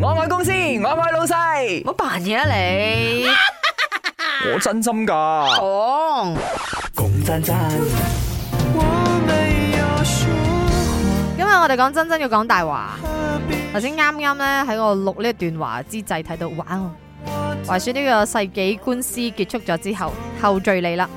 我愛公司，我愛老細。唔好扮嘢啊你！我真心噶。講講真真。今日我哋講真真要講大話。頭先啱啱咧喺我錄呢一段話之際睇到，哇！話說呢個世紀官司結束咗之後，後序嚟啦。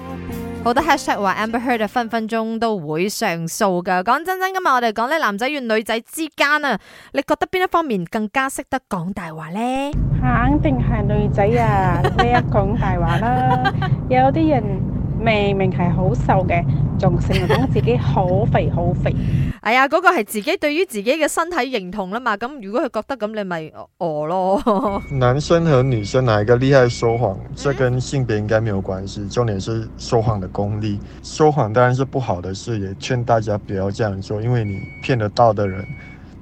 好多 hashtag 話 Amber Heard 係分分鐘都會上訴㗎。講真真㗎嘛，我哋講咧男仔與女仔之間啊，你覺得邊一方面更加識得講大話呢？肯定係女仔啊，一講大話啦。有啲人明明係好瘦嘅，仲成日講自己好肥好肥。哎呀嗰、那個係自己對於自己嘅身體認同啦嘛。咁如果佢覺得咁，那你咪餓、呃、咯。 男生和女生哪一個厲害說謊？嗯、這跟性別應該沒有關係，重點是說謊的功力。說謊當然是不好的事，也勸大家不要這樣做，因為你騙得到的人。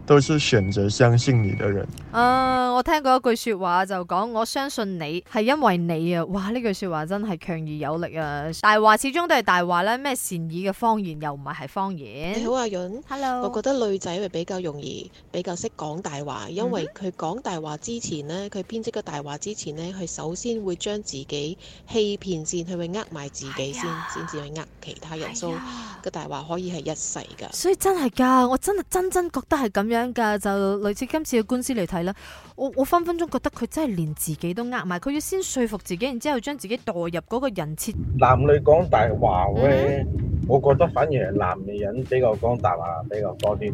都是選擇相信你的人啊！Uh, 我聽過一句說話就講，我相信你係因為你啊！哇，呢句說話真係強而有力啊！大話始終都係大話啦，咩善意嘅謊言又唔係係謊言。是是言你好，阿潤，Hello。我覺得女仔會比較容易比較識講大話，因為佢講大話之前呢，佢編、mm hmm. 織個大話之前呢，佢首先會將自己欺騙先，佢會呃埋自己先，先至去呃其他人，所以、哎、呀個大話可以係一世噶。所以真係噶，我真係真真覺得係咁。樣噶就類似今次嘅官司嚟睇啦，我我分分鐘覺得佢真係連自己都呃埋，佢要先說服自己，然之後將自己代入嗰個人設。男女講大話咧，mm hmm. 我覺得反而係男女人比較講大話比較多啲，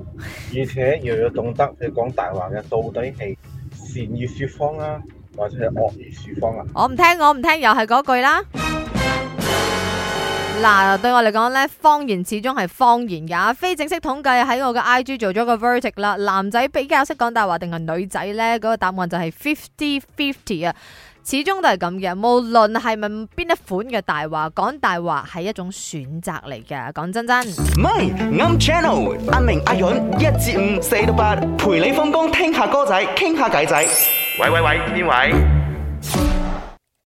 而且又要有懂得去講大話嘅，到底係善意說謊啊，或者係惡意說謊啊？我唔聽，我唔聽，又係嗰句啦。嗱、啊，對我嚟講咧，方言始終係方言㗎，非正式統計喺我嘅 IG 做咗個 v e r t i c 啦。男仔比較識講大話，定係女仔咧？嗰個答案就係 fifty fifty 啊，50, 始終都係咁嘅。無論係咪邊一款嘅大話，講大話係一種選擇嚟嘅。講真真，my channel、嗯、阿明阿勇一至五四到八，5, 8, 陪你放工聽下歌仔，傾下偈仔。喂喂喂，邊位？